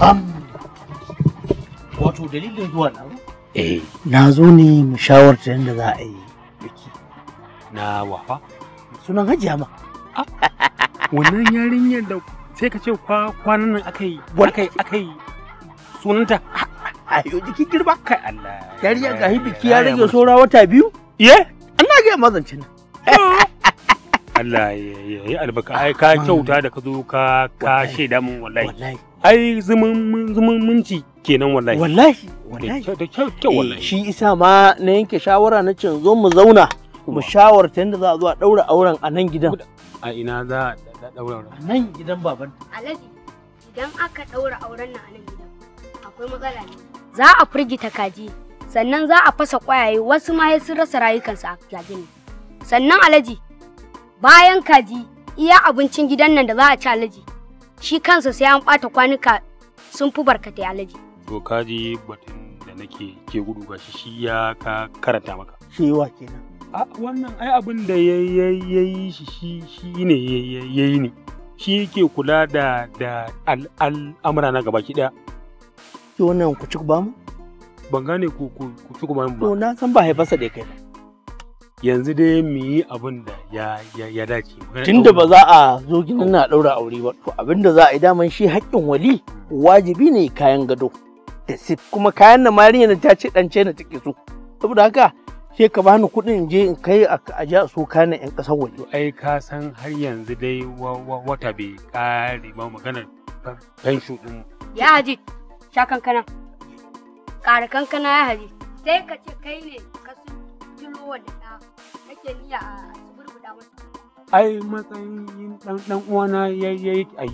Am, wato dalilin zuwa nan, Eh, na zo ne mu shawarta yadda za a yi biki. Na wafa? Sunan hajiya ma. Ah. Wannan yarinyar da sai ka ce kwanan nan aka yi, aka yi sunanta. Ayo jikin girma. Kai Allah. Yarinya ga biki ya rage saura wata biyu? Ye? Allah ga mazan nan. Allah ya yi albarka ai ka kyauta da ka zo ka ka shaida mun wallahi ai zumun zumun munci kenan wallahi wallahi eh, wallahi shi isa ma na yanke shawara na ce zo mu zauna mu shawarta yadda za a zo a daura auren a nan gidan a ina za a daura auren a nan gidan baban alhaji idan aka daura auren nan a nan gidan akwai matsala za a firgita kaji sannan za a fasa kwayaye wasu ma sun rasa rayukansu a kajin sannan alhaji bayan kaji iya abincin gidan nan da za a ci alaji shi kansa sai an bata kwanuka sun fi barkatai alaji. To kaji batun da nake ke gudu ga shi ya ka karanta maka. Shewa kenan. A wannan ai abin da ya yi shi shi ne ya yi ne. Shi yake kula da da al'amura na gaba ki ɗaya. Ki wannan ku ci ba mu? Ban gane ku ku ci ku ba mu ba. To na san ba haifarsa da kai yanzu dai mu yi abin da ya dace. Tunda ba za a zo ginin na ɗaura aure ba, to abin da za a yi daman shi haƙƙin wali wajibi ne kayan gado. Da sif kuma kayan na mariya na ta ce ɗance na take so. Saboda haka sai ka bani kuɗin in je in kai a a so kayan ƴan ƙasar waje. Ai ka san har yanzu dai wata bai ƙare ba maganar fensho ɗin. Ya haji, sha kankana. Ƙara kankana ya haji. Sai ka ce kai ne ka sun Ai matsayin ɗan uwana ya yi ai.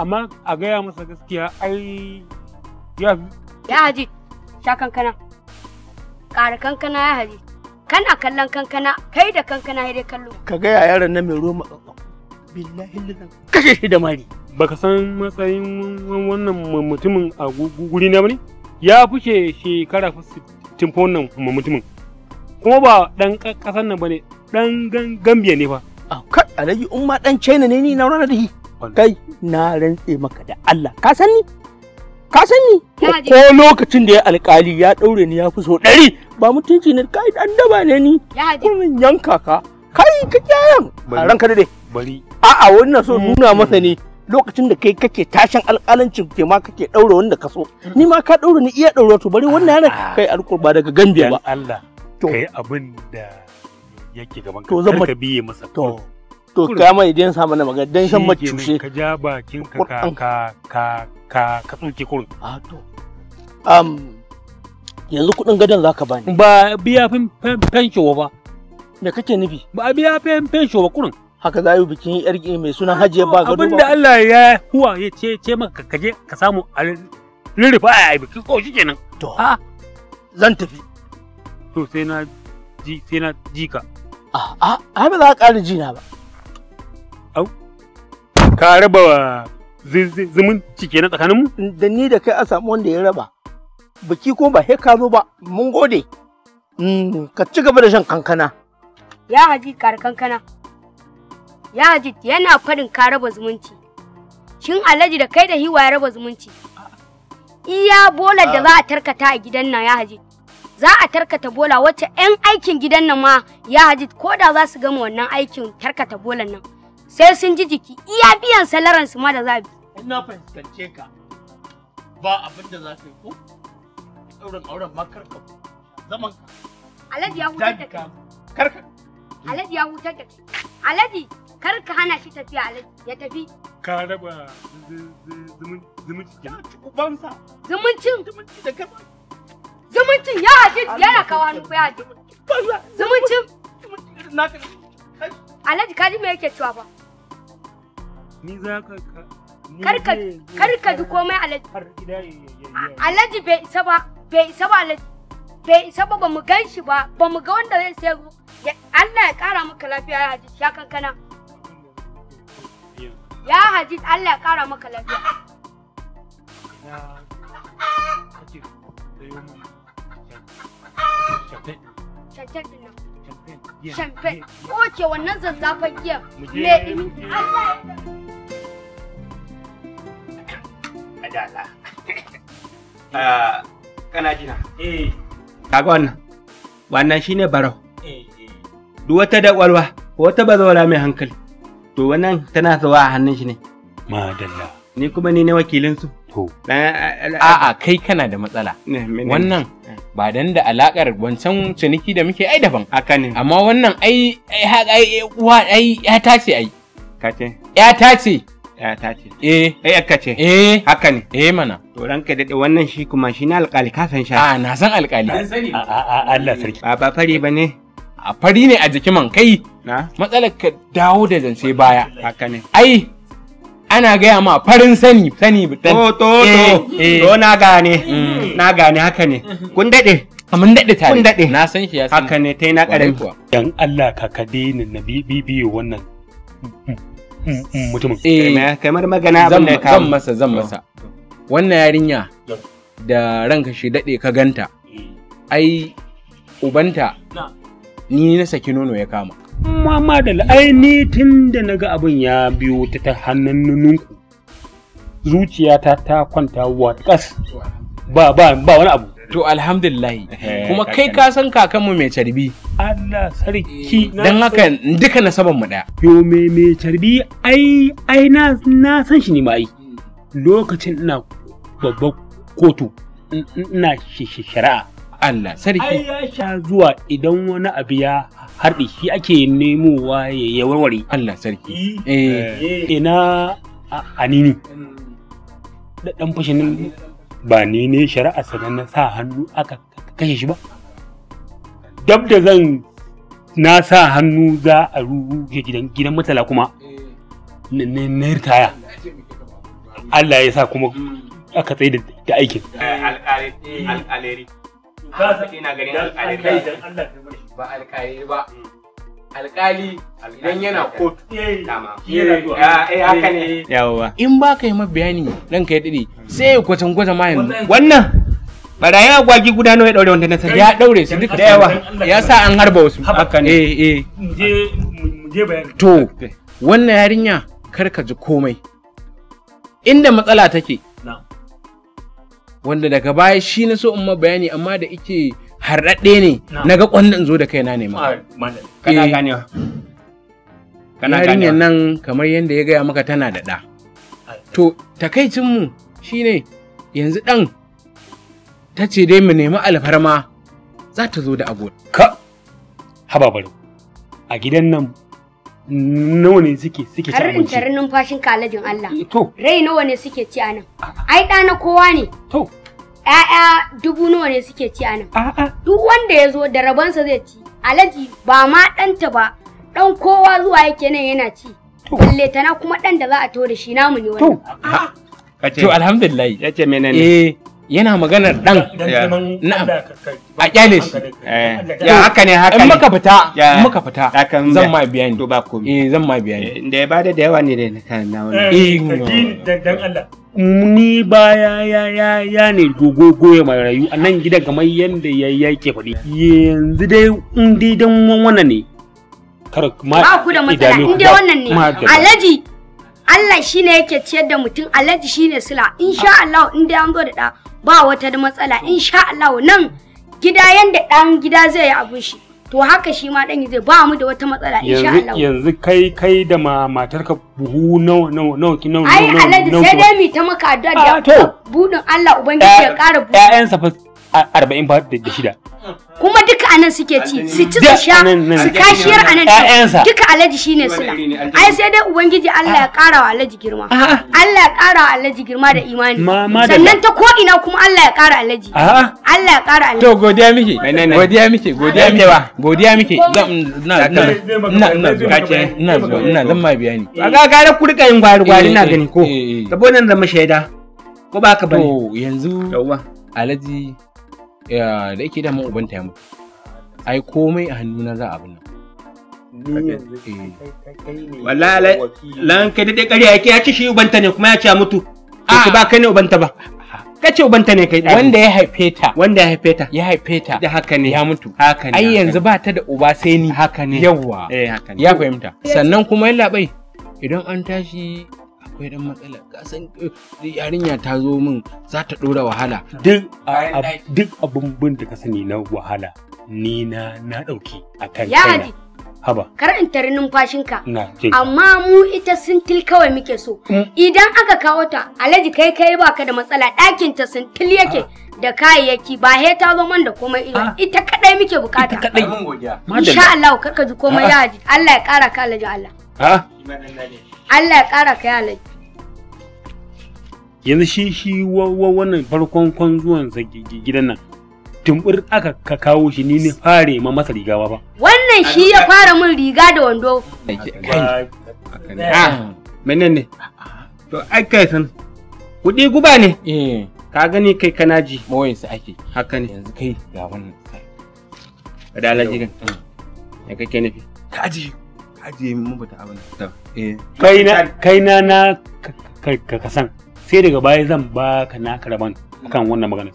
Amma a gaya masa gaskiya ai ya Ya haji, sha kankana. Ƙara kankana ya haji. Kana kallon kankana, kai da kankana ya dai kallo. Ka gaya yaran na mai roma billahi kashe shi da mari. Baka san matsayin wannan mutumin a guri na bane? Ya fushe shekara 60 fa mutumin. kuma ba dan kasan nan bane dan Gambia ne ba ah, kai alaji in ma dan China ne ni na rana da shi kai na rantse maka da Allah ka san ni ka san ni ko lokacin da ya alkali ya daure ni ya fi so ɗari ba mutunci ne kai dan daba ne ni kun yanka ka kai ka kyayan ah, ranka da dai bari a'a wannan so nuna mm. masa ne lokacin da kai kake tashin alƙalancin ke ma kake daura wanda ka so ni ma ka daura ni iya daura to bari wannan ah. yana kai alƙur ba daga gambiya ba Allah kai abin da yake gaban ka zan ka biye masa to to ka mai idan sa mana magana dan san macushe ka ja bakin ka ka ka ka ka kurin a to um yanzu kudin gadon zaka bani ba biya fensho ba me kake nufi ba biya fensho ba kurin haka za yi bikin yar mai sunan hajiya ba gado abinda Allah ya huwa ya ce ce maka ka ka samu a rurrufa a bikin ko kenan to ha zan tafi to sai na ji sai na ji ka a ah, a ah, ba za ka ƙara ji na ba au ka raba zumunci kenan tsakanin mu da ni da kai a samu wanda ya raba biki ko ba sai ka zo ba mun gode hmm, ka ci gaba da shan kankana ya haji kar kankana ya haji yana faɗin ka raba zumunci shin alhaji da kai da hiwa ya raba zumunci iya bolar da za a tarkata a gidan nan ya haji za a tarkata bola wacce 'yan aikin gidan nan ma ya haji ko da za su gama wannan aikin tarkata bolan nan sai sun ji jiki iya biyan salaran su ma da za bi. Ina fahimtance ka ba abin da za ka yi ko ɗaurin auren ma karka zaman ka. Alhaji ya hutar da Karka. Alhaji ya hutar da alaji Alhaji karka hana shi tafiya Alhaji ya tafi. Ka raba zumunci. Zumunci. ci ubansa. Zumuncin. Zumunci da gaba. zumuncin ya haji yana kawo hannu ko ya haji zumuncin alhaji kaji me yake cewa ba ni za ka kar ka ji komai alhaji alhaji bai isa ba bai isa ba alhaji bai isa ba bamu gan shi ba bamu ga wanda zai sai Allah ya kara maka lafiya ya haji ya kankana ya haji Allah ya kara maka lafiya 那，他就得用。champagne oke wannan zazzafan giya me Allah ah, kana jina eh kaga wannan wannan shine barau eh, eh. duk wata da kwalwa wata bazawara mai hankali to wannan tana zuwa a hannun shi ne madalla ni kuma ni ne wakilin su to a'a kai kana da matsala wannan ba dan da alakar wancan ciniki da muke ai daban haka ne amma wannan ai ai uwa ai ya tace ai kace ya tace ya tace eh ai aka ce eh haka ne eh mana to ranka dade wannan shi kuma shi na alƙali ka san shi a ah, na san alƙali an sani a Allah sarki ba ba fari bane a fari ne a jikin man kai na matsalar ka dawo da zance baya haka ne ai ana gaya ma farin sani sani bitan to to to eh, eh. to na gane mm. na gane haka ne kun dade mun dade tare kun dade na san shi ya san haka ne tai na karin kuwa dan Allah ka kade ni na bibiyo wannan mutumin eh kamar magana abin da ka zan masa zan masa wannan yarinya da ranka shi dade ka ganta ai ubanta ni na saki nono ya kama amma ma da la'aini tun da naga abin ya biyo ta ta hannun nununku zuciyata ta kwanta wa kas ba ba ba wani abu to alhamdulillahi eh, kuma kai ka san kakanmu mai carbi Allah sarki dan haka duka saban mu ɗaya. yo me me carbi ai ai na na san shi ne ma lokacin ina babbar kotu ina shari'a Allah sarki ai ya sha zuwa idan wani abu ya harɗi shi ake nemowa ya warware Allah sarki eh ina anini da dan fashin ba ni ne shari'a sanan na sa hannu aka kashe shi ba dab da zan na sa hannu za a ruge gidan gidan matala kuma na ritaya Allah ya sa kuma aka tsaye da aikin alƙaleri ka ina ganin alƙali kai dan Allah ba alƙali ba alƙali idan yana kotu eh, eh, dama eh, eh yawa in ba ka yi ma bayani ranka ya dade sai ya kwatan gwata ma yanzu wannan barayin agwagi guda nawa ya daure wanda na sani ya daure su duka da yawa ya sa an harba wasu haka ne eh eh mm. je bayani to wannan yarinya kar ka ji komai inda matsala take wanda daga baya shi na so in ma bayani amma da ike harɗaɗɗe ne na ga ƙwannan zo da kaina ne ma. Kana eh, ganewa. Kana nan kamar yadda ya gaya maka tana da ɗa. To takaicin shi ne yanzu ɗan ta ce dai mu nemi alfarma za ta zo da abu. Ka haba bari a gidan nan nawa ne suke suke ci abinci har numfashin kalajin Allah to rai nawa ne suke ci anan ai da na kowa ne to ƴaƴa dubu nawa ne suke ci anan a'a duk wanda ya zo da rabansa zai ci alaji ba ma ɗanta ba ɗan kowa zuwa yake nan yana ci balle tana kuma ɗan da za a to da shi namu ne wannan to alhamdulillah ya ce menene eh yana maganar dan a kyale shi eh. ya haka ne haka ne. muka fita in muka fita zan ma biya ni to ba komai eh zan ma biya ni eh, da ya bada da yawa ne da na kan na wannan eh dan Allah ni baya ya ya ya ne gogo goye rayu a nan gidan kamar yanda ya yake fadi yanzu dai in dai dan wannan ne kar ma ba ku da matsala in dai wannan ne alaji Allah shi ne yake ciyar da mutum alhaji ne sila insha Allah in dai an zo da ɗa ba wata matsala insha Allah nan gida yanda ɗan gida zai yi abun shi to haka shi ma dan zai ba mu da wata matsala insha Allah yanzu kai kai da matarka buhu nawa nawa nawa ki nawa ai alhaji sai dai mi ta maka addu'a da ah, budin Allah ubangiji ya ƙara buɗe ƴaƴansa fa 40 da shida kuma duka anan suke ci su ci su sha su kashiyar anan duka alaji shine suna. ai sai dai ubangiji Allah ya kara ah. wa alaji girma ah. Allah ya kara wa alaji girma da imani sannan ta ko ina kuma Allah ya kara alaji. Ah. Allah ya kara alaji to godiya miki godiya miki godiya miki ba godiya miki na na na na na zan ma bayani ga ga ku kurka yin gwari gwari eh, na gani ko eh, eh. saboda nan da mashaida ko ba ka bane to yanzu yawa alaji da yake da uban ta mutu ai komai a hannuna za a abin nan eh. wallahi lan kai dai kare yake ya ci shi ubanta ne kuma ya ci a mutu ah. ki ba kai ne ubanta ba kace ubanta ne kai wanda ya haife ta wanda ya haife ta ya haife ta da haka ne ya mutu haka ne ai yanzu ba ta da uba sai ni haka ne yawa eh haka ne ya fahimta sannan kuma bai idan an tashi akwai dan matsala ka san eh, yarinya ta zo min za ta dora wahala duk duk bin da ka sani na wahala ni na na dauki akan kai haba kar in tare ka amma mu ita sintil kawai muke so mm. idan aka kawo ta alaji kai kai baka da matsala ɗakin ta sintil yake ah. da kayayyaki ba he ta zo man da komai ila ah. ita kadai muke bukata ita kadai insha Allah kar ka ji komai ah. ya Allah ya kara ka alaji Allah Ha? Allah ya ƙara kai alaji. Yanzu shi shi wannan farkon kwan zuwan gidan nan. Tumbur aka ka kawo shi ni ne fare ma masa riga ba. Wannan shi ya fara min riga da wando. Ah, Mene ne? To ai kai san. Kuɗi guba ne? Eh. Ka gani kai kana ji. Moyin su ake. Haka ne. Yanzu kai ga wannan. Da alaji kan. Ya kake nufi? Ka ji ajiye mu abin ta eh. kai na na ka kasan sai daga baya zan ba ka na karaban kan wannan magana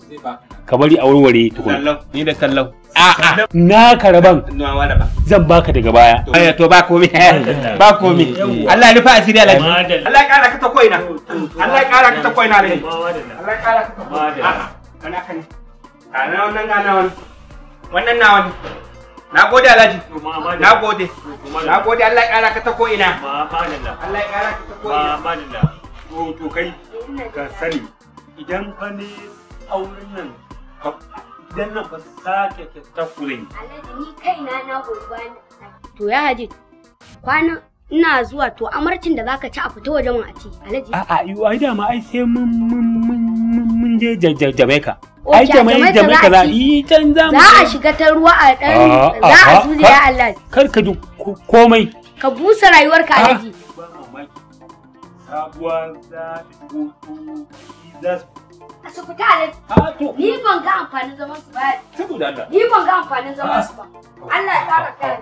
ka bari a warware tukun ni da sallau a'a na karaban zan ba ka daga baya aya to ba komi ba komi Allah ya rufa asiri Allah Allah ya kara ka ta koina Allah ya kara ka ta koina ne Allah ya kara ka ta koina kana kana kana wannan ga nawan wannan na nawan Na gode Alhaji. Na gode. Na gode Allah ya ƙara ka ta ko ina. Allah ya ƙara ka ta ko ina. To to kai ka sani idan fa ne auren nan ka idan nan ba sake ka ta kure ni. Alhaji ni kaina na gobe To ya Haji kwana ina zuwa to amarcin da zaka ci a fita wajen a ci Alhaji. A'a ai dama ai sai mun mun mun je Jamaica. Ai Jamaica za yi can za mu. Za a shiga ta ruwa a ɗan za a zuciya Allah. Kar ka ji komai. Ka busa rayuwarka a daji. ga amfanin zaman su ba Allah ya tsara kai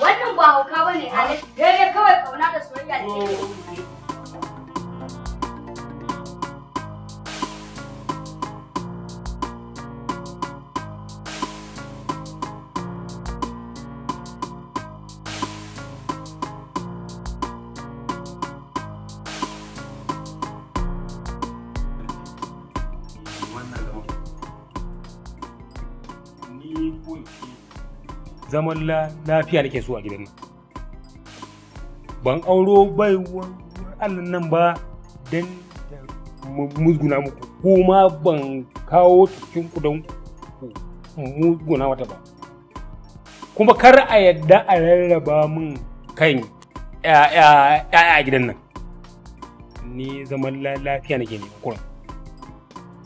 wannan ba hauka bane Alex dai kawai kauna da soyayya da zaman lafiya nake so a gidan nan ban auro bai wannan nan ba don musguna muku kuma ban kawo cikin kudan musguna wata ba kuma kar a yadda a rarraba min kan ya'ya a gidan nan ni zaman lafiya nake ne kuran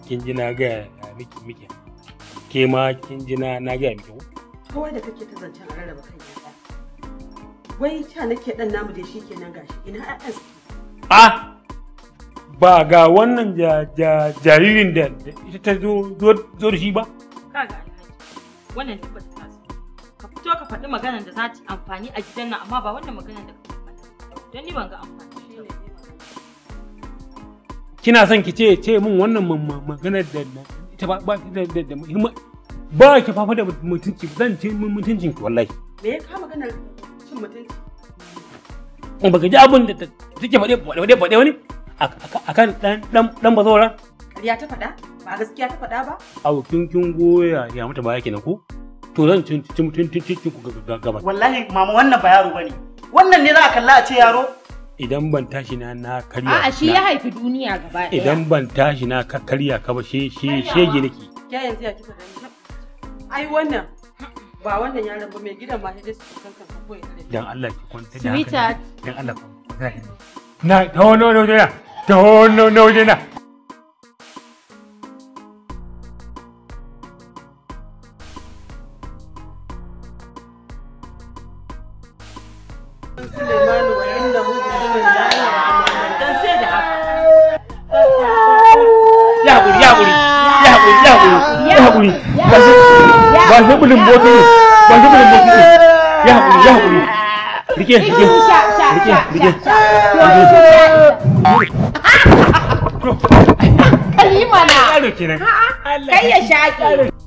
kin ji na ga miki miki ke ma kin ji na na ga miki kawai da kake ta zancen a rarraba kan wai ta nake dan namu da shi kenan gashi ina a'a a ba ga wannan jaririn da ita ta zo zo da shi ba kaga wannan tabbata ta su ka fito ka faɗi maganar da za ta amfani a gidan nan amma ba wannan maganar da ka faɗi don ni ban ga amfani kina son ki ce ce min wannan maganar da ta ba da da da himma ba ki fafa da mutunci zan ce mun mutuncin ki wallahi me ya ka magana cin mutunci in baka ji abin da take faɗe faɗe faɗe wani akan dan dan dan bazawara ya ta faɗa ba gaskiya ta faɗa ba au kin kin goya ya mata baya kenan ko to zan cin cin mutuncin ku gaba wallahi mama wannan ba yaro bane wannan ne za a kalla a ce yaro idan ban tashi na na karya a'a shi ya haifi duniya gaba ɗaya idan ban tashi na ka karya ka ba shi nake ya yanzu ya kika ai wannan ba wannan yaran ba mai gidan ma da su kan kansa ko ya dan Allah ki kwanta da dan Allah na no no no no no no no ba shi bulin botulu ba shi bulin botulu ya haƙuri ya haƙuri rike rike rike rike kalima na kai ya shaƙi